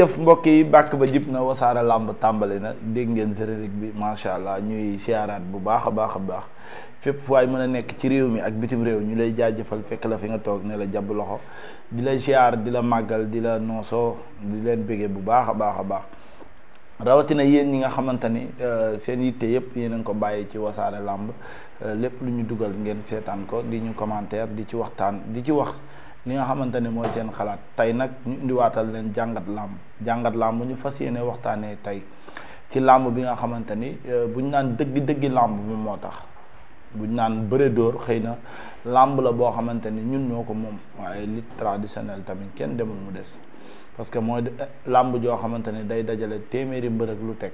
jërëjëf mbokk yi bàkk ba jib na wasaara làmb tàmbali na dégg ngeen générique bi macha allah ñuy siyaaraat bu baax a baax a baax fépp fu waay mën a nekk ci réew mi ak bitim réew ñu lay jaajëfal fekk la fi nga toog ne la jàbb loxo di lay siyaar di la màggal di la noosoo di leen béggee bu baax a baax a baax rawatina yéen ñi nga xamante ni euh, seen yitte yëpp yéen a ko bàyyi ci wasaare làmb euh, lépp lu ñu dugal ngeen seetaan ko di ñu commentaire di ci waxtaan di ci wax. li nga xamante ne mooy seen xalaat tey nag ñu indiwaatal leen jàngat làmb jàngat làmb ñu fas yéene waxtaanee tey ci làmb bi nga xamante ni euh, bu ñu naan dëgg dëggi làmb moom moo tax bu ñu naan bëre dóor xëy na làmb la boo xamante ni ñun ñoo ko moom waaye li traditionnel tamit kenn demul mu des parce que mooy euh, làmb joo xamante ni day dajale téeméeri mbër ak lu teg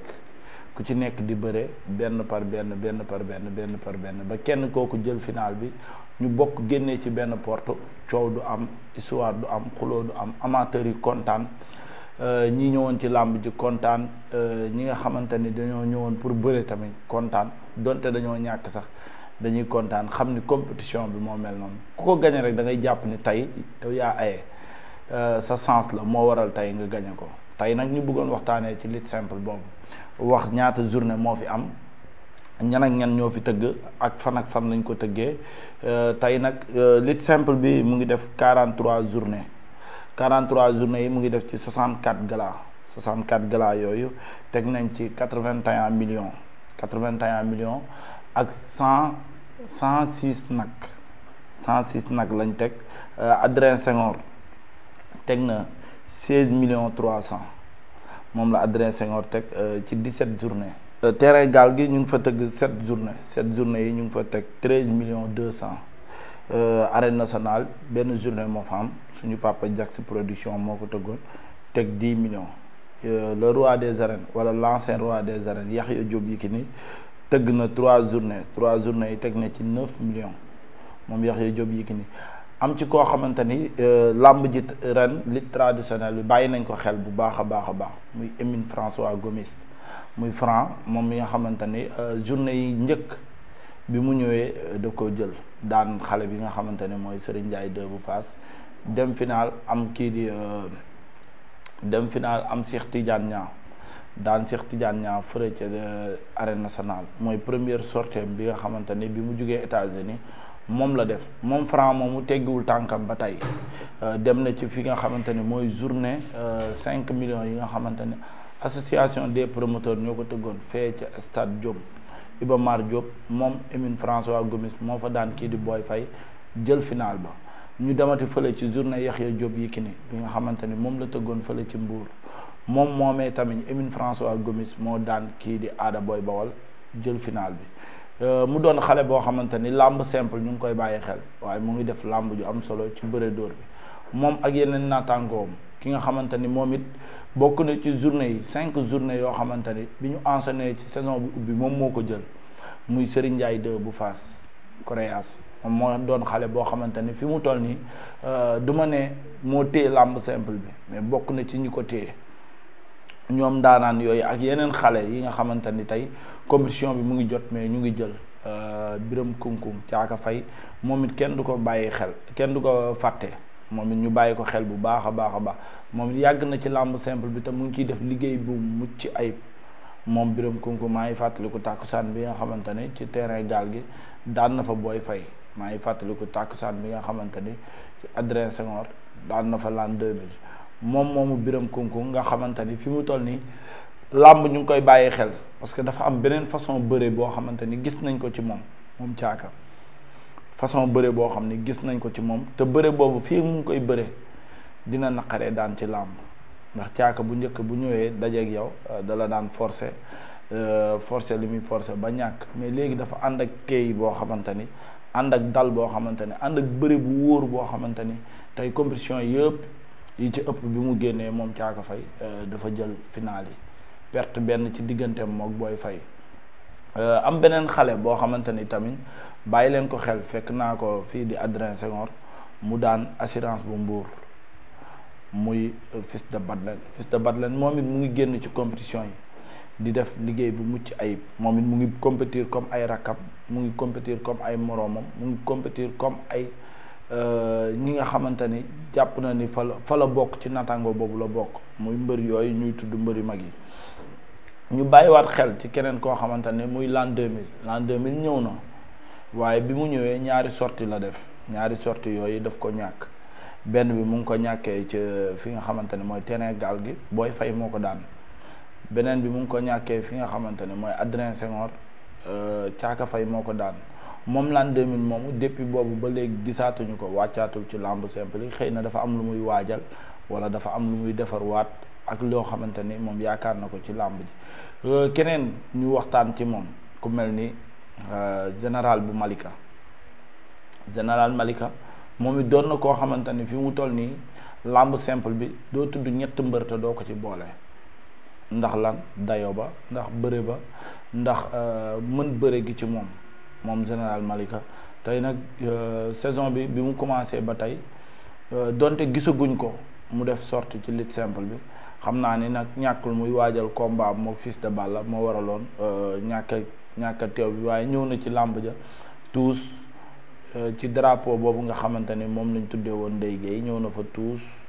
ku ci nekk di bëre benn par benn benn par benn benn par benn ba kenn kooku jël finaal bi ñu bokk génnee ci benn porte coow du am histoire du am xuloo du am amateurs yu kontaan euh, ñi ñëwoon ci làmb ji kontaan euh, ñi nga xamante ni dañoo ñëwoon pour bëre tamit kontaan donte dañoo ñàkk sax dañuy kontaan xam ni compétition bi moo mel noonu ku ko gañe rek da ngay jàpp ni tey yow yaa aye euh, sa sens la moo waral tey nga gañe ko tey nag ñu bëggoon waxtaanee ci lutte simple boobu wax ñaata journée moo fi am ñan ak ñan ñoo fi tëgg ak fan ak fan lañ ko tëggee euh, tey nag euh, lit simple bi mu ngi def quarante trois journées quarante trois journées yi mu ngi def ci soixante quatre gala soixante quatre gala yooyu teg nañ ci quatre vingt et un millions quatre vingt et un millions ak cent cent six nag cent six nag lañ teg euh, Adrien Senghor teg na seize million trois cent moom la Adrien Senghor teg ci dix sept journées Euh, terrain gaal gi ñu ngi fa tëgg sept journée sept journée yi ñu ngi fa teg treize millions deux cent euh, arène nationale benn journée moo fa am suñu papa Jax production moo ko tëggoon teg dix millions euh, le roi des arènes wala l'ancien roi des arènes Yaxya Diop ni tëgg na trois journée trois journée yi teg na ci neuf millions moom Yaxya Diop ni am ci koo xamante ni làmb ji ren lutte traditionnelle bi bàyyi nañ ko xel bu baax a baax a baax muy Émine François Gomis muy franc moom mi nga xamante ni euh, journée yi njëkk bi mu ñëwee euh, da ko jël daan xale bi nga xamante ne mooy Serigne Ndiaye 2 bu Fass dem final am kii di euh, dem final am Cheikh Tidiane Niang daan Cheikh Tidiane Niang fële ca arène nationale mooy première sortie bi nga xamante ni bi mu jugee États-Unis moom la def moom franc mu teggiwul tànkam ba tey dem na ci fi nga xamante ni mooy journée cinq millions yi nga xamante ni association des promoteurs ñoo ko tëggoon fee ca stade Diop Iba Mar Diop moom Emine François Gomis moo fa daan kii di booy fay jël final ba ñu demati fële ci journée Yaxya Diop ni bi nga xamante ni moom la tëggoon fële ci mbuur moom moomee tamit Emine François Gomis moo daan kii di Aada booy Bawal jël final bi euh, mu doon xale boo xamante ni làmb simple ñu ngi koy bàyyi xel waaye mu ngi def làmb ju am solo ci bëre dóor bi moom ak yeneen naataangoom ki nga xamante ni moom it bokk na ci journée yi cinq journée yoo xamante ni bi ñu enchaîné ci saison bi ubbi moom moo ko jël muy Serigne Ndiaye 2 bu fas Coréas moom moo doon xale boo xamante ni fi mu toll nii euh, du ma ne moo téye làmb simple bi mais bokk na ci ñi ko téye ñoom daanaan yooyu ak yeneen xale yi nga xamante ni tey compétition bi mu ngi jot mais ñu ngi jël euh, Biram Kunkum Caaka Fay moom it kenn du ko bàyyi xel kenn du ko fàtte. moom ñu bàyyi ko xel bu baax a baax a baax moom yàgg na ci làmb simple bi te mu ngi ciy def liggéey bu mucc ayib moom Biram Kunku maa ngi fàttaliku tàkkusaan bi nga xamante ni ci terrain gaal gi daan na fa booy fay maa ngi fàttaliku tàkkusaan bi nga xamante ni ci Adrien Senghor daan na fa l'an 2000 moom moomu Biram Kunku nga xamante ni fi mu toll nii làmb ñu ngi koy bàyyi xel parce que dafa am beneen façon bëre boo xamante ni gis nañ ko ci moom moom caaka façon bëre boo xam ne gis nañ ko ci moom te bëre boobu fii mu ngi koy bëre dina naqaree daan ci làmb ndax caaka bu njëkk bu ñëwee dajeeg yow euh, dala daan forcer euh, forcer li muy forcer ba ñàkk mais léegi dafa ànd ak teey boo xamante ni ànd ak dal boo xamante ni ànd ak bëre bu wóor boo xamante ni tey compétition yëpp yi ci ëpp bi mu génnee moom caaka fay euh, dafa jël final yi perte benn ci digganteem mook booy fay Euh, am beneen xale boo xamante ni tamit bàyyi leen ko xel fekk naa ko fii di Adrien Senghor mu daan assurance bu mbuur muy fils de Badlen fist de Badlen moom it mu ngi génn ci compétition yi di def liggéey bu mucc ayib moom it mu ngi compétir comme ay rakkam mu ngi compétir comme ay moroomam mu ngi compétir comme ay euh, ñi nga xamante ni jàpp na ni fa la fa la bokk ci natango boobu la bokk muy mbër yooyu ñuy tudd mbëri mag yi ñu bàyyiwaat xel ci keneen koo xamante ne muy l'an 2000 l'an 2000 ñëw na waaye bi mu ñëwee ñaari sortie la def ñaari sortie yooyu daf ko ñàkk benn bi mu ngi ko ñàkkee ci fi nga xamante ne mooy terrain gaal gi booy fay moo ko daan beneen bi mu ngi ko ñàkkee fi nga xamante ne mooy Adrien Senghor caaka euh, fay moo ko daan moom l'an 2000 moomu depuis boobu ba léegi gisaatuñu ko wàccaatul ci lamb simple yi xëy na dafa am lu muy waajal wala dafa am lu muy defar waat ak loo xamante ni moom yaakaar na ko ci làmb ji euh, keneen ñu waxtaan ci moom ku mel ni euh, général bu Malika général Malika moom it doon na koo xamante ni fi mu toll nii làmb simple bi doo tudd ñett mbër doo ko ci boole ndax lan dayo ba ndax bëre ba ndax euh, mën bëre gi ci moom moom général Malika tey nag saison bi bi mu commencé ba tey donte gisaguñ ko mu def sorte ci lutte simple bi xam naa ni nag ñàkkul muy waajal combat mook Fils de Balla moo waraloon euh, ñàkk ñàkk a teew bi waaye ñëw na ci làmb ja tuus euh, ci drapeau boobu nga xamante ni moom lañ tuddee woon Ndeye Guèye ñëw na fa tuus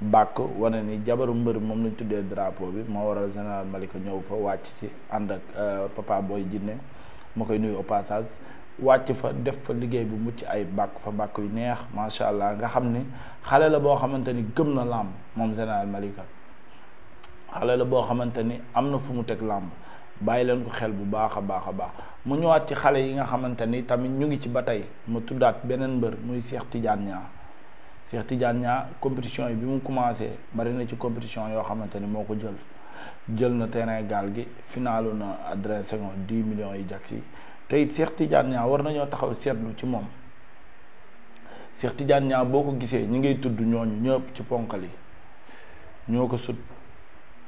bàkk wane ni jabaru mbër moom lañ tuddee drapeau bi moo waral général Malika ñëw fa wàcc ci ànd ak euh, papa booy jinne moo koy nuyu au passage wàcc fa def fa liggéey bu mucc ay bàkk fa bàkk yu neex macha allah nga xam ni xale la boo xamante ni gëm na làmb moom général Malika xale la boo xamante ni am na fu mu teg làmb bàyyi leen ko xel bu baax a baax a baax mu ñëwaat ci xale yi nga xamante ni tamit ñu ngi ci ba tey ma tuddaat beneen mbër muy Cheikh Tidiane ñaa Cheikh Tidiane ñaa compétition yi bi mu commencé bari na ci compétition yoo xamante ni moo ko jël jël na terrain gaal gi finalu na adressé nga 10 millions yi jag si te it Cheikh Tidiane Niang war nañoo taxaw seetlu ci moom Cheikh Tidiane Niang boo ko gisee ñi ngay tudd ñooñu ñëpp ci ponkal yi ñoo ko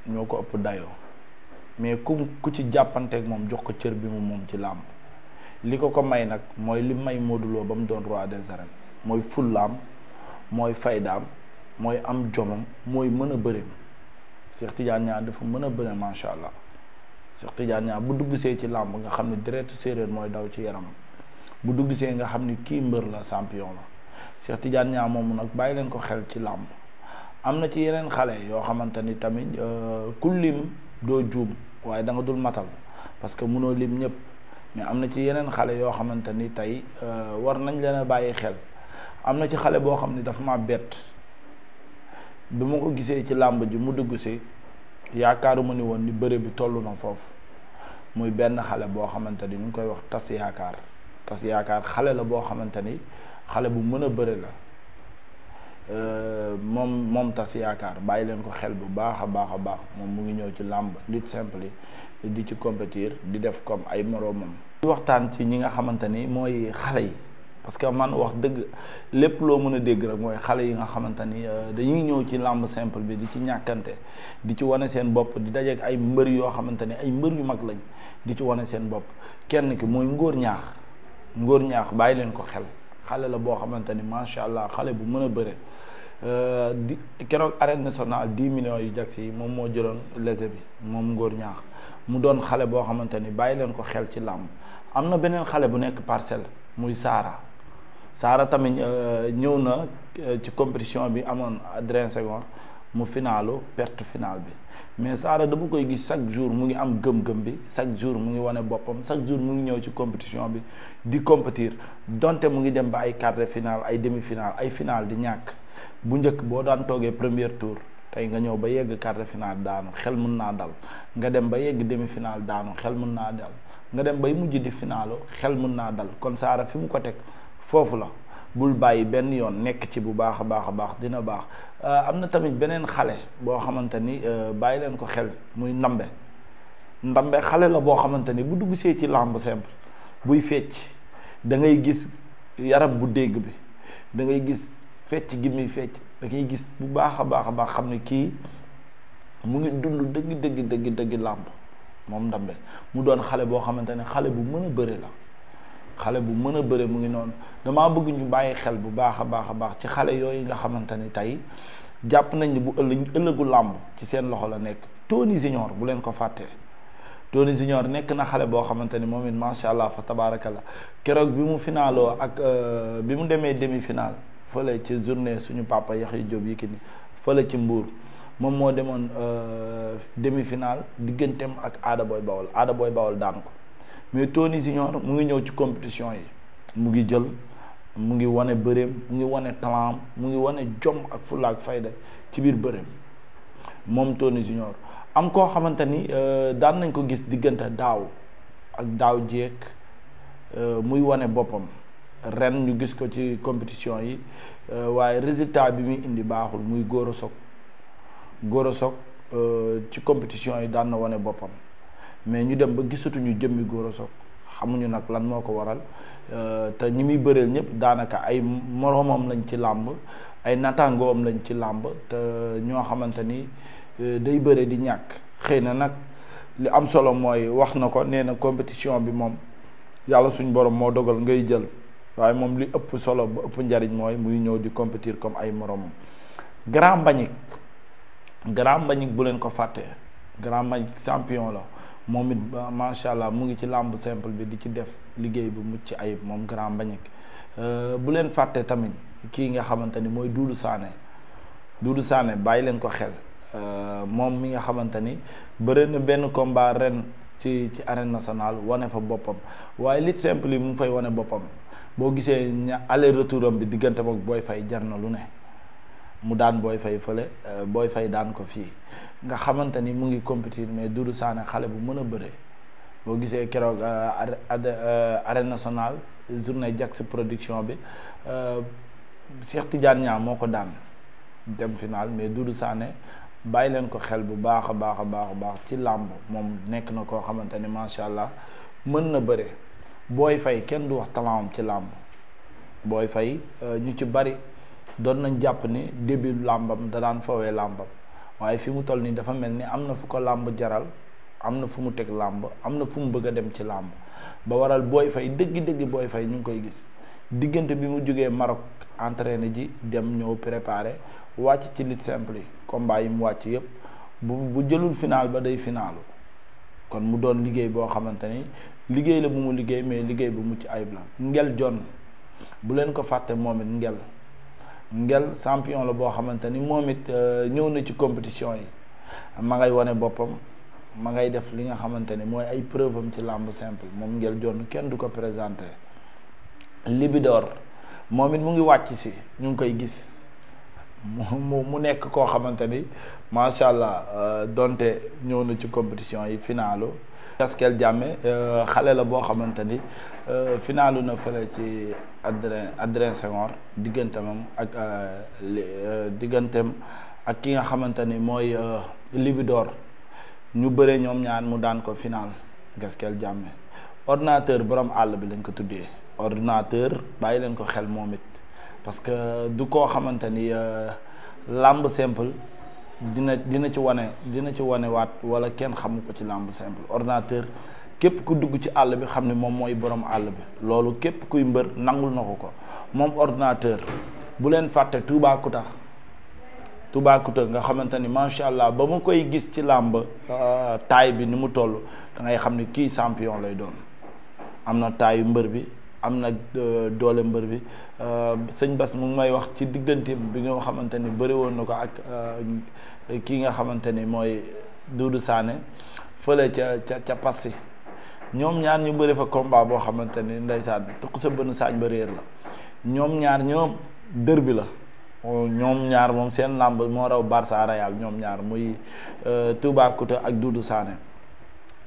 ñoo ko ëpp dayoo mais ku ku ci jàppanteek moom jox ko cër bi mu moom ci làmb li ko ko may nag mooy li may Modou ba mu doon roi des arènes mooy fullaam mooy faydaam mooy am jomam mooy mën a bëreem Cheikh Tidiane Niang dafa mën a bëre macha allah Cheikh Tidiane ñaa bu dugg see ci làmb nga xam ne direct séeréer mooy daw ci yaramam bu dugg see nga xam ni kii mbër la champion la Cheikh Tidiane ñaa moomu nag bàyyi leen ko xel ci làmb am na ci yeneen xale yoo xamante ni tamit euh, ku lim doo juum waaye da nga dul matal parce que mënoo lim ñëpp mais am na ci yeneen xale yoo xamante ni tey euh, war nañ leen a bàyyi xel am na ci xale boo xam ni dafa ma bett bi ma ko gisee ci làmb ji mu dugg si yaakaaruma ni woon ni bëre bi toll na foofu muy benn xale boo xamante ni ñu ngi koy wax tas yaakaar tas yaakaar xale la boo xamante ni xale bu mën a bëre la Euh, moom moom tas yaakaar bàyyi leen ko xel bu baax a baax a baax moom mu ngi ñëw ci làmb lutte simple yi di ci compétir di def comme ay moroomam di waxtaan ci ñi nga xamante ni mooy xale yi parce que man wax dëgg lépp loo mën a dégg rek mooy xale yi nga xamante ni euh, dañuy ñëw ci làmb simple bi di ci ñàkkante di ci wane seen bopp di dajeek ay mbër yoo xamante ni ay mbër yu mag lañ di ci wane seen bopp kenn ki mooy ngóor ñaax ngóor ñaax bàyyi leen ko xel xale la boo xamante ni macha allah xale bu mën a bëre euh, di keroog arène nationale dix million yu jag si moom moo jëloon lese bi moom ngóor ñaax mu doon xale boo xamante ni bàyyi leen ko xel ci làmb am na beneen xale bu nekk parcelle muy Saara Saara tamit euh, ñëw na euh, ci compétition bi amoon Adrien Senghor mu finaalu perte finale bi mais Saara dama koy gis chaque jour mu ngi am gëm-gëm bi chaque jour mu ngi wane boppam chaque jour mu ngi ñëw ci compétition bi di compétir donte mu ngi dem ba ay quart de finale ay demi finale ay finale di ñàkk bu njëkk boo daan toogee première tour tey nga ñëw ba yegg quart de finale daanu xel mun naa dal nga dem ba yegg demi finale daanu xel mën naa dal nga dem bay mujj di finaalu xel mun naa dal kon Saara fi mu ko teg foofu la bul bàyyi benn yoon nekk ci bu baax a baax a baax dina baax Euh, am na tamit beneen xale boo xamante ni euh, bàyyi leen ko xel muy ndambe ndambe xale la boo xamante ni bu dugg see ci lamb simple buy fecc dangay gis yaram bu dégg bi dangay gis fecc gi muy fecc da ngay gis bu baax a baax a baax xam ne kii mu ngi dund dëgg dëgg dëgg dëgg làmb moom ndambe mu doon xale boo xamante ne xale bu mën a bëri la xale bu mën a bëre mu ngi noonu damaa bëgg ñu bàyyi xel bu baax a baax a baax ci xale yooyu nga xamante ni tey jàpp nañ ni bu ëllëg ëllëgu làmb ci seen loxo la nekk Tony Junior bu leen ko fàttee Tony Junior nekk na xale boo xamante ni moom it macha allah fa tabaaraka keroog bi mu finaaloo ak euh, bi mu demee demi final fële ci journée suñu papa Yaxya Jóob Yékini fële ci Mbuur moom moo demoon euh, demi final digganteem ak Aada booy Bawol Aada booy Bawol daan ko. mais Tony Junior mu ngi ñëw ci compétition yi mu ngi jël mu ngi wane bëreem mu ngi wane talaam mu ngi wane jom ak fulla ak fayda ci biir bëreem moom Tony Junior am koo xamante ni euh, daan nañ ko gis diggante daaw ak daaw jéeg euh, muy wane boppam ren ñu gis ko ci compétition yi euh, waaye résultat bi muy indi baaxul muy góor a soog góor a soog ci compétition yi daan na wane boppam mais ñu dem ba gisatuñu jëmmi góor a Sock xamuñu nag lan moo ko waral euh, te ñi muy bëreel ñëpp daanaka ay moromam lañ ci làmb ay nattaangoom lañ ci làmb te ñoo xamante ni euh, day bëre di ñàkk xëy na nag li am solo mooy wax na ko nee na compétition bi moom yàlla suñ borom moo dogal ngay jël waaye moom li ëpp solo ba ëpp njariñ mooy muy ñëw di compétir comme ay moroomam Grand Mbagnick Grand Mbagnick bu leen ko fàtte Grand Mbagnick champion la moom it macha allah mu ngi ci làmb simple bi di ci def liggéey bu mucc ayib moom grand Mbagnick euh, bu leen fàtte tamit kii nga xamante ni mooy Doudou Sané Doudou Sané bàyyi leen ko xel euh, moom mi nga xamante ni bëri na benn combat ren ci ci arène nationale wane fa boppam waaye lit simple yi mu fay wane boppam boo gisee ña aller retour bi diggante boog booy fay jar na lu ne. mu daan booy fay fële euh, booy fay daan ko fii nga xamante ni mu ngi compétir mais Doudou Sané xale bu mën a bëre boo gisee keroog euh, euh, arène nationale journée Jax production bi Cheikh Tidiane Niang moo ko daan dem final mais du Sané bàyyi leen ko xel bu baax a baax a baax baax ci làmb moom nekk na koo xamante ni macha allah mën na bëre booy fay kenn du wax talentam ci làmb booy fay ñu ci bari. doon nañ jàpp ni début làmbam da daan fowee làmbam waaye fi mu toll nii dafa mel ni am na fu ko làmb jaral am na fu mu teg làmb am na fu mu bëgg a dem ci làmb ba waral booy fay dëgg-dëgg booy fay ñu ngi koy gis diggante bi mu jógee Maroc entraîné ji dem ñëw préparé wàcc ci lutte simple yi mu wàcc yépp bu jëlul final ba day finaalu kon mu doon liggéey boo xamante ni liggéey la bu mu liggéey mais liggéey bu mucc ayib la ngel jonn bu leen ko fàtte moom it Ngel champion la boo xamante ni moom it euh, ñëw na ci compétition yi ma ngay wane boppam ma ngay def li nga xamante ni mooy ay preuve am ci làmb simple moom Ngel jonn kenn du ko présenté Libidor moom it mu ngi wàcc si ñu ngi koy gis mu mu nekk koo xamante ni macha allah euh, donte ñëw na ci compétition yi finaalu Gaskel Diame euh, xale la boo xamante ni euh, finaalu na fële ci Adrien Adrien diggante digganteem ak digganteem ak ki nga xamante ni mooy Libidor ñu bëre ñoom ñaan mu daan ko final Gaskel Diame ordinateur borom àll bi lañ ko tuddee ordinateur bàyyi leen ko xel moom it parce que du koo xamante ni euh, làmb simple dina dina ci wane dina ci wane waat wala kenn xamu ko ci làmb simple ordinateur képp ku dugg ci àll bi xam ne moom mooy borom àll bi loolu képp kuy mbër nangul na ko ko moom ordinateur bu leen fàtte Toubacouta Toubacouta nga xamante ni macha allah ba mu koy gis ci làmb euh, taay bi ni mu toll da ngay xam ni kii champion lay doon am na yu mbër bi am na euh, doole mbër bi euh, sëñ Bas mu ngi may wax ci diggante bi nga xamante ni bëri woon na ko ak euh, kii nga xamante ni mooy Doudou Sané fële ca ca ca Passy ñoom ñaar ñu bëri fa combat boo xamante ni ndeysaan tuq sa bënn saañ ba réer la ñoom ñaar ñoom dër bi la ñoom ñaar moom seen làmb moo raw Barça Real ñoom ñaar muy Toubacouta ak Doudou Sané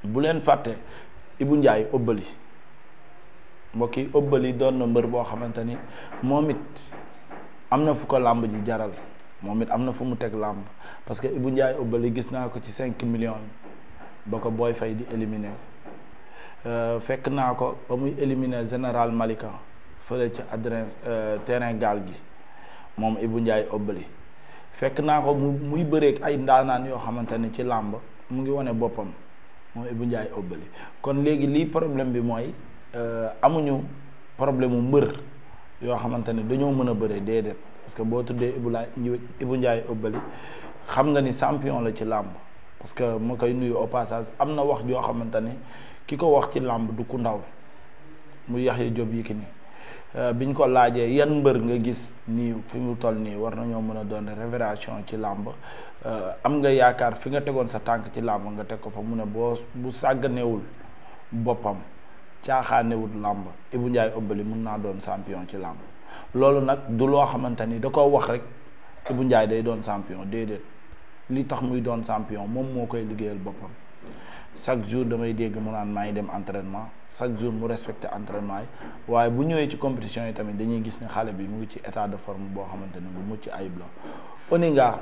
bu leen fàtte Ibou Ndiaye ëbbali mbokk yi ëbbali doon na mbër boo xamante ni moom it am na fu ko làmb ji jaral moom it am na fu mu teg làmb parce que Ibou Ndiaye ëbbali gis naa ko ci cinq millions ba ko booy fay di éliminer euh, fekk naa ko ba muy éliminer général Malika fële ci adresse euh, terrain gaal gi moom Ibou njaay ëbbali fekk naa ko mu muy bëreek ay ndaanaan yoo xamante ni ci làmb mu ngi wane boppam moom Ibou njaay ëbbali kon léegi lii problème bi mooy Euh, amuñu problème mu mbër yoo xamante ne dañoo mën a bëree déedéet parce que boo tuddee Ibou Laay Ibou njaay Obali xam nga ni sampion la ci làmb parce que ma koy nuyu au passage am na wax joo xamante ne ki ko wax ci làmb du ku ndaw mu Yaxya Jóob Yékini euh, biñ ko laajee yan mbër nga gis nii fi mu toll nii war nañoo mën a doon révélation ci làmb euh, am nga yaakaar fi nga tegoon sa tànk ci làmb nga teg ko fa mu ne boo bu sàgganewul boppam caaxaanewut làmb Ibou Ndiaye Obali mun naa doon sampion ci làmb loolu nag du loo xamante ni da ko wax rek Ibou njaay day doon champion déedéet li tax muy doon champion moom moo koy liggéeyal boppam chaque jour damay dégg mu naan maa ngi dem entraînement chaque jour mu respecté entraînement yi waaye bu ñëwee ci compétition yi tamit dañuy gis ne xale bi mu ngi ci état de forme boo xamante ne bu mucc ayib la Oninga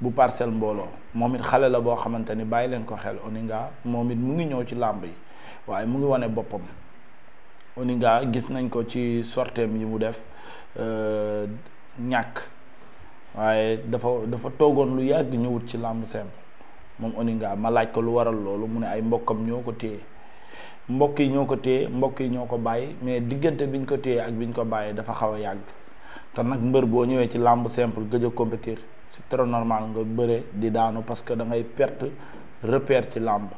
bu parcelle mbooloo moom it xale la boo xamante ni bàyyi leen ko xel Oninga moom it mu ngi ñëw ci làmb yi waaye mu ngi wane boppam Oninga gis nañ ko ci sorteem yi mu def euh, ñàkk waaye dafa dafa toogoon lu yàgg ñëwut ci làmb simple moom Oninga ma laaj ko lu waral loolu mu ne ay mbokkam ñoo ko téye mbokk yi ñoo ko téye mbokk yi ñoo ko bàyyi mais diggante biñ ko téye ak bi biñ ko bàyyee dafa xaw a yàgg te nag mbër boo ñëwee ci làmb simple gëj a compétir c'est trop normal nga bëre di daanu parce que da ngay perte repère ci làmb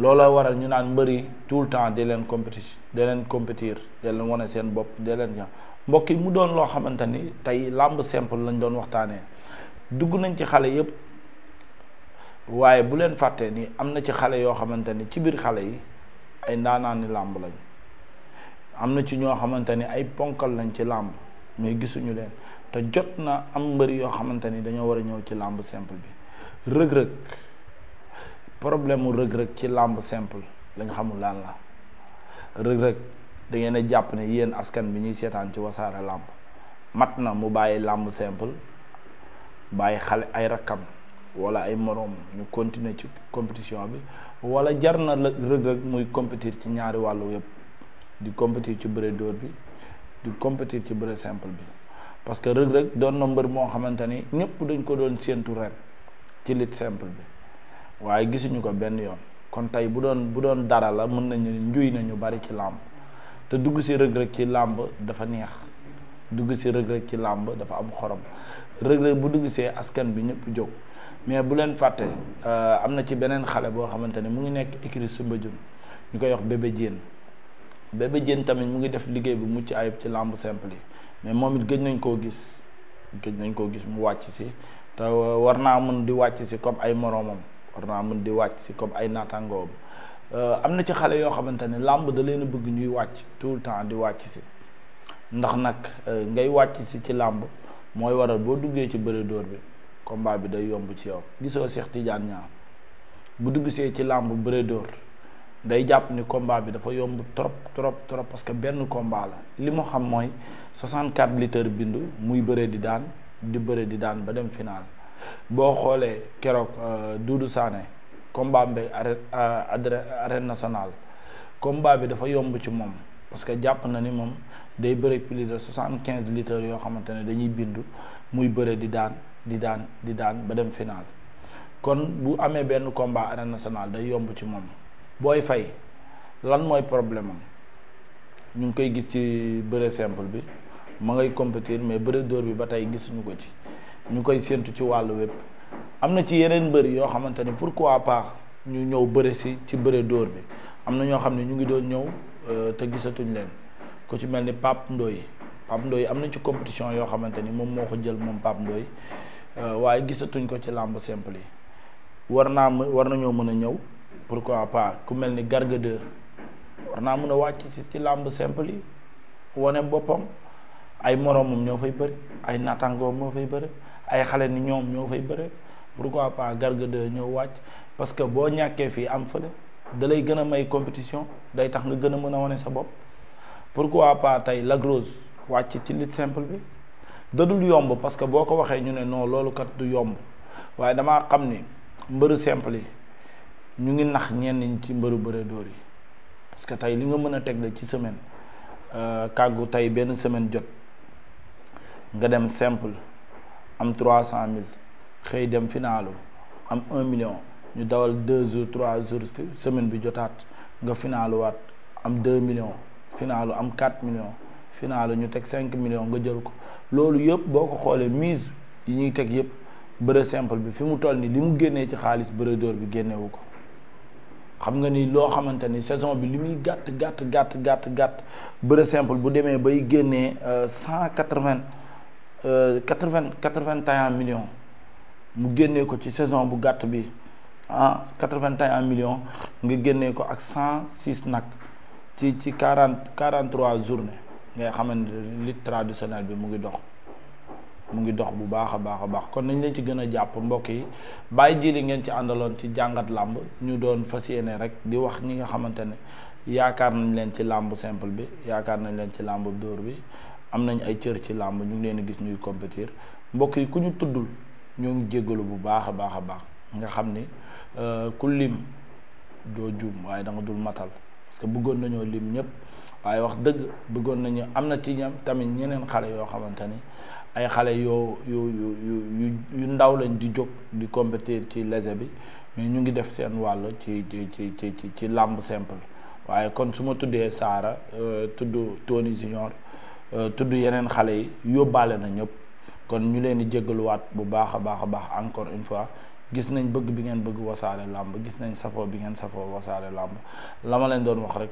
looloo waral ñu naan mbëri tout le temps di leen compétition di leen compétir di leen wane seen bopp de leen ña mbokk yi mu doon loo xamante ni tey làmb simple lañ doon waxtaanee dugg nañ ci xale yépp waaye bu leen fàttee ni am na ci xale yoo xamante ni ci biir xale yi ay ndaanaani làmb lañ am na ci ñoo xamante ni ay ponkal lañ ci làmb mais gisuñu leen te jot na am mbëri yoo xamante ni dañoo war a ñëw ci làmb simple bi rëg-rëg problème mu rëg-rëg ci làmb simple li xamul lan la rëg-rëg da ngeen jàpp ne yéen askan bi ñuy seetaan ci wasaare làmb mat na mu bàyyi làmb simple bàyyi xale ay rakkam wala ay moroom ñu continuer ci compétition bi wala jar na rëg-rëg muy compétir ci ñaari wàllu yëpp di compétir ci bëre dóor bi di compétir ci bëre simple bi parce que rëg-rëg doon na mbër moo xamante ni ñëpp dañ ko doon séentu rek ci lit simple bi waaye gisuñu ko benn yoon kon tey bu doon bu doon dara la mën nañu njuy nañu bari ci làmb te dugg si rëg-rëg ci làmb dafa neex dugg si rëg-rëg ci làmb dafa am xorom rëg-rëg bu dugg see askan bi ñëpp jóg mais bu leen fàtte euh, am na ci beneen xale boo xamante ne mu ngi nekk écrit sumba jum ñu koy wax bébé jéen bébé tamit mu ngi def liggéey bu mucc ayib ci làmb simple yi mais moom it gëj nañ koo gis gëj nañ koo gis mu wàcc si te euh, war naa mën di wàcc si comme ay moroomam war naa di wàcc si comme ay naataangoom euh, am na ci xale yoo xamante ne làmb da leen a bëgg ñuy wàcc tout le temps di wàcc si ndax nag euh, ngay wàcc si ci làmb mooy waral boo duggee ci bëri dóor bi combat bi day yomb ci yow gisoo Cheikh Tidiane bu dugg see ci làmb bëri dóor day jàpp ni combat bi dafa yomb trop trop trop parce que benn combat la li mu xam mooy 64 litres bindu muy bëree di daan di bëre di daan ba dem final boo xoolee keroog euh, Doudou Sané combat bi arène euh, arène nationale combat bi dafa yomb ci moom parce que jàpp na ni moom day bëre plus de soixante quinze yoo xamante ne dañuy bindu muy bëre di daan di daan di daan ba dem finaal kon bu amee benn combat arène nationale day yomb ci moom booy fay lan mooy problème am ñu ngi koy gis ci bëre simple bi ma ngay compétir mais bëre door bi ba tey gisuñu ko ci ñu koy séentu ci wàllu wépp am na ci yeneen mbër yoo xamante ne pourquoi par ñu ñëw bëri si ci bëri dóor bi am na ñoo xam ne ñu ngi doon ñëw euh, te gisatuñ leen ku ci mel ni Pape Ndoye Pape Ndoye am na ci compétition yoo xamante ni moom moo ko jël moom Pape Ndoye euh, waaye gisatuñ ko ci làmb simple yi war naa war nañoo mën a ñëw pourquoi pas ku mel ni Garga 2 war naa mën a wàcc ci ci làmb simple yi wane boppam ay moroomam ñoo fay bëri ay naataangoom moo fay bëri. ay xale ni ñoom ñoo fay bëre pourquoi pas Garga 2 ñëw wàcc parce que boo ñàkkee fii am fële dalay gën a may compétition day tax nga gën a mën a wane sa bopp pour pourquoi pas tey lagros wàcc ci lutte simple bi dadul yomb parce que boo ko waxee ñu ne non loolu kat du yomb waaye damaa xam ni mbëru simple yi ñu ngi nax ñenn ñi ci mbëru bëre dóor yi parce que tey li nga mën a teg la ci semaine euh, kàggu tey benn semaine jot nga dem simple am trois cent mille xëy dem finaalu am un million ñu dawal deux jours trois jours semaine bi jotaat nga finaalu am deux million finaalu am quatre millions finaalu ñu teg cinq million nga jël ko loolu yëpp boo ko xoolee mise yi ñuy teg yëpp bëre simple bi fi mu toll nii li mu génnee ci xaalis bëre dóor bi génnewu ko xam nga ni loo xamante ni saison bi li muy gàtt gàtt gàtt gàtt gàtt bëre simple bu demee bay génnee euh, cent quatre-vingt Euh, quatre-vingt quatre-vingt-un millions mu génnee ko ci saison bu gàtt bi ah quatre-vingt-un millions nga génnee ko ak cent six nag ci ci quarante quarante-trois journées ngay xamante li traditionnel bi mu ngi dox mu ngi dox bu baax a baax a baax kon nañ leen ci gën a jàpp mbokk yi bàyyi ji li ngeen ci àndaloon ci jàngat làmb ñu doon fas yéene rek di wax ñi nga xamante ne yaakaar nañ leen ci làmb simple bi yaakaar nañ leen ci làmb dóor bi am nañ ay cër ci làmb ñu ngi leen gis ñuy compétir mbokk yi ku ñu tuddul ñoo ngi jéggalu bu baax a baax a baax nga xam ni euh, ku lim doo juum waaye da dul matal parce que bëggoon nañoo lim ñëpp waaye wax dëgg bëggoon nañu am na ci ñam tamit ñeneen xale yoo xamante ni ay xale yoo yu yu yu ndaw lañ di jóg di compétir ci léger bi mais ñu ngi def seen wàll ci ci ci ci ci làmb simple waaye kon su ma tuddee Saara euh, tudd Tony Junior Euh, tudd yeneen xale yi yóbbaale na ñëpp kon ñu leen di jéggaluwaat bu baax a baax a baax encore une fois gis nañ bëgg bi ngeen bëgg wasaare làmb gis nañ safoo bi ngeen safoo wasaare làmb la ma leen doon wax rek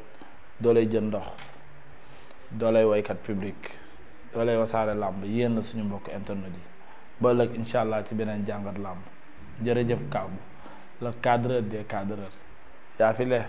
doolay jën ndox doolay waykat public doolay wasaare làmb yéen la suñu mbokk internet yi ba ëllëg incha allah ci beneen jàngat làmb jërëjëf kaabu la cadreur des cadreurs yaa fi le